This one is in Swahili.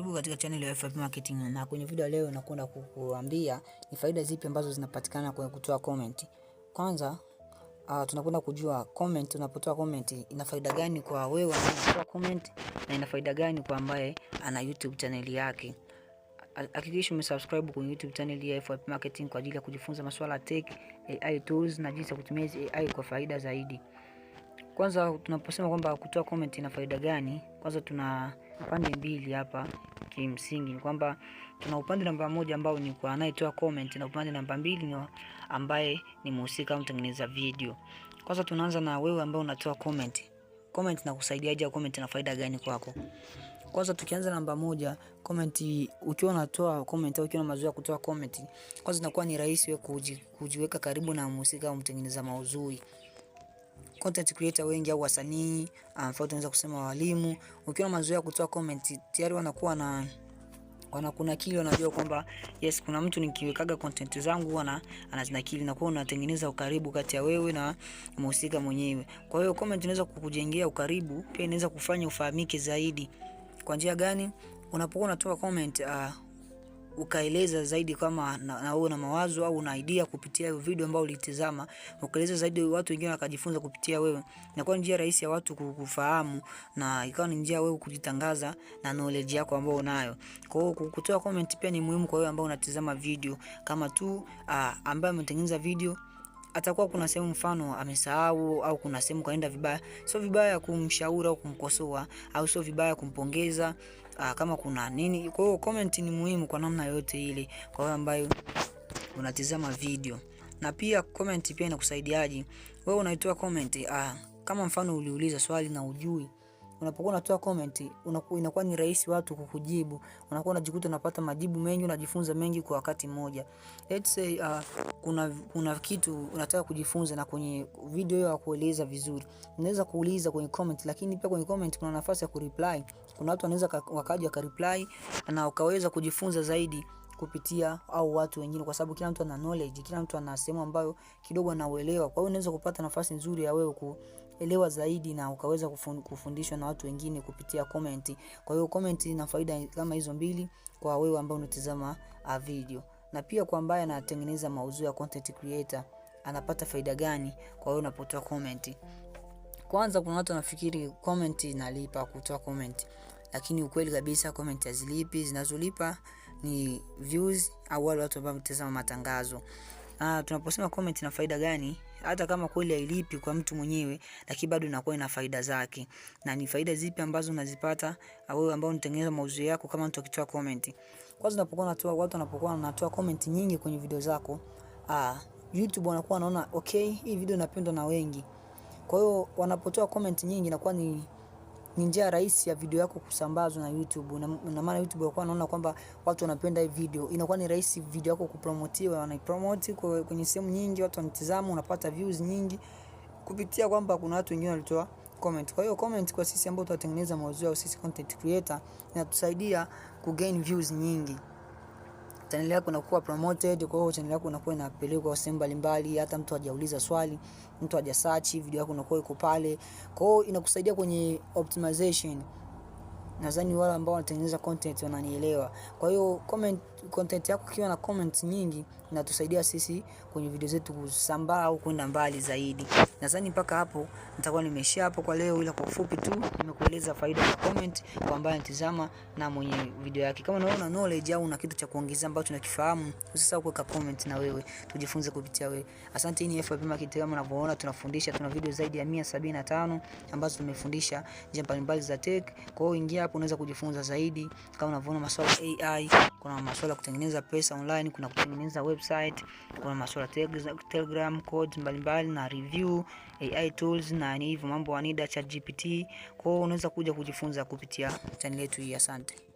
Karibu katika channel ya FIP Marketing na kwenye video leo nakwenda kukuambia ni faida zipi ambazo zinapatikana kwenye kutoa comment. Kwanza uh, tunakwenda kujua comment, unapotoa comment ina faida gani kwa wewe unayetoa comment na ina faida gani kwa ambaye ana YouTube channel yake. Hakikisha umesubscribe kwenye YouTube channel ya FIP Marketing kwa ajili ya kujifunza masuala ya tech, AI tools na jinsi ya kutumia AI kwa faida zaidi. Kwanza tunaposema kwamba kutoa comment ina faida gani? Kwanza tuna pande mbili hapa kimsingi ni kwamba tuna upande namba moja ambao ni kwa anayetoa comment na upande namba mbili ni ambaye ni mhusika mtengeneza video. Kwanza tunaanza na wewe ambao unatoa comment. Comment inakusaidiaje? Comment na faida gani kwako? Kwanza tukianza namba moja, comment ukiwa unatoa comment au ukiwa na mazoea kutoa comment, kwanza inakuwa ni rahisi wewe kujiweka karibu na mhusika au mtengeneza mauzui content creator wengi au wasanii ambao ah, tunaweza kusema walimu, ukiwa na mazoea kutoa comment tayari wanakuwa na wanakuna kile wanajua kwamba yes, kuna mtu nikiwekaga content zangu wana anazinakili na kwa unatengeneza ukaribu kati ya wewe na mhusika mwenyewe. Kwa hiyo comment inaweza kukujengea ukaribu, pia inaweza kufanya ufahamike zaidi. Kwa njia gani? Unapokuwa unatoa comment uh, ukaeleza zaidi kama na wewe una mawazo au una idea kupitia hiyo video ambayo ulitazama, ukaeleza zaidi watu wengine wakajifunza kupitia wewe. kwa njia rahisi ya watu kukufahamu na ikawa ni njia wewe kujitangaza na knowledge yako ambayo unayo. Kwa hiyo kutoa comment pia ni muhimu kwa wewe ambao unatazama video, kama tu ah, ambaye ametengeneza video atakuwa kuna sehemu mfano amesahau au kuna sehemu kaenda vibaya, sio vibaya kumshauri au kumkosoa, au sio vibaya kumpongeza aa, ah, kama kuna nini. Kwa hiyo comment ni muhimu kwa namna yote ile, kwa wewe ambayo unatizama video. Na pia comment pia inakusaidiaje wewe unaitoa comment? Ah, kama mfano uliuliza swali na ujui unapokuwa unatoa comment inakuwa ni rahisi watu kukujibu, unakuwa unajikuta unapata majibu mengi, unajifunza mengi kwa wakati mmoja. Let's say uh, kuna, kuna kitu unataka kujifunza na kwenye video hiyo hakueleza vizuri, unaweza kuuliza kwenye comment, lakini pia kwenye comment kuna nafasi ya kureply. Kuna watu wanaweza wakaja wakareply na ukaweza kujifunza zaidi kupitia au watu wengine, kwa sababu kila mtu ana knowledge, kila mtu ana sehemu ambayo kidogo anauelewa. Kwa hiyo unaweza kupata nafasi nzuri ya wewe elewa zaidi na ukaweza kufundishwa na watu wengine kupitia comment. Kwa hiyo comment ina faida kama hizo mbili kwa wewe ambao unatazama ah, video, na pia kwa ambaye anatengeneza mauzo ya content creator anapata faida gani kwa wewe unapotoa comment? Kwanza kuna watu wanafikiri comment inalipa kutoa comment, lakini ukweli kabisa comment hazilipi. Zinazolipa ni views au wale watu ambao wanatazama matangazo. Ah, tunaposema comment ina faida gani? Hata kama kweli hailipi kwa mtu mwenyewe, lakini bado inakuwa ina faida zake. Na ni faida zipi ambazo unazipata wewe ambao unatengeneza mauzo yako kama mtu akitoa comment? Kwanza unapokuwa unatoa watu wanapokuwa wanatoa comment nyingi kwenye video zako, ah, YouTube wanakuwa wanaona okay, hii video inapendwa na wengi. Kwa hiyo wanapotoa comment nyingi inakuwa ni ni njia rahisi ya video yako kusambazwa na YouTube na, na maana YouTube walikuwa wanaona kwamba watu wanapenda hii video, inakuwa ni rahisi video yako kupromotiwa, wanaipromoti kwenye sehemu nyingi, watu wanitazama, unapata views nyingi kupitia kwamba kuna watu wengine walitoa comment. Kwa hiyo comment kwa sisi ambao tunatengeneza mauzo au sisi content creator inatusaidia gain views nyingi channel yako inakuwa promoted, kwa hiyo channel yako inakuwa inapelekwa sehemu mbalimbali, hata mtu hajauliza swali, mtu haja search video yako inakuwa iko pale. Kwa hiyo inakusaidia kwenye optimization. Nadhani wale ambao wanatengeneza content wananielewa. Kwa hiyo comment content yako kiwa na comment nyingi inatusaidia sisi kwenye video zetu kusambaa au kwenda mbali zaidi. Nadhani mpaka hapo nitakuwa nimeshia hapo kwa leo, ila kwa ufupi tu nimekueleza faida za comment kwa ambaye anatizama na mwenye video yake. Kama unaona knowledge au una kitu cha kuongeza ambacho unakifahamu, usisahau kuweka comment na wewe tujifunze kupitia wewe. Asante. Hii ni FIP Market, kama unavyoona tunafundisha, tuna video zaidi ya 175 ambazo tumefundisha njia mbalimbali za tech. Kwa hiyo ingia hapo unaweza kujifunza zaidi, kama unavyoona masuala AI kuna masuala ya kutengeneza pesa online, kuna kutengeneza website, kuna masuala Telegram codes mbalimbali na review AI tools na ni hivyo mambo chat gpt Kwa hiyo unaweza kuja kujifunza kupitia channel yetu hii. Asante.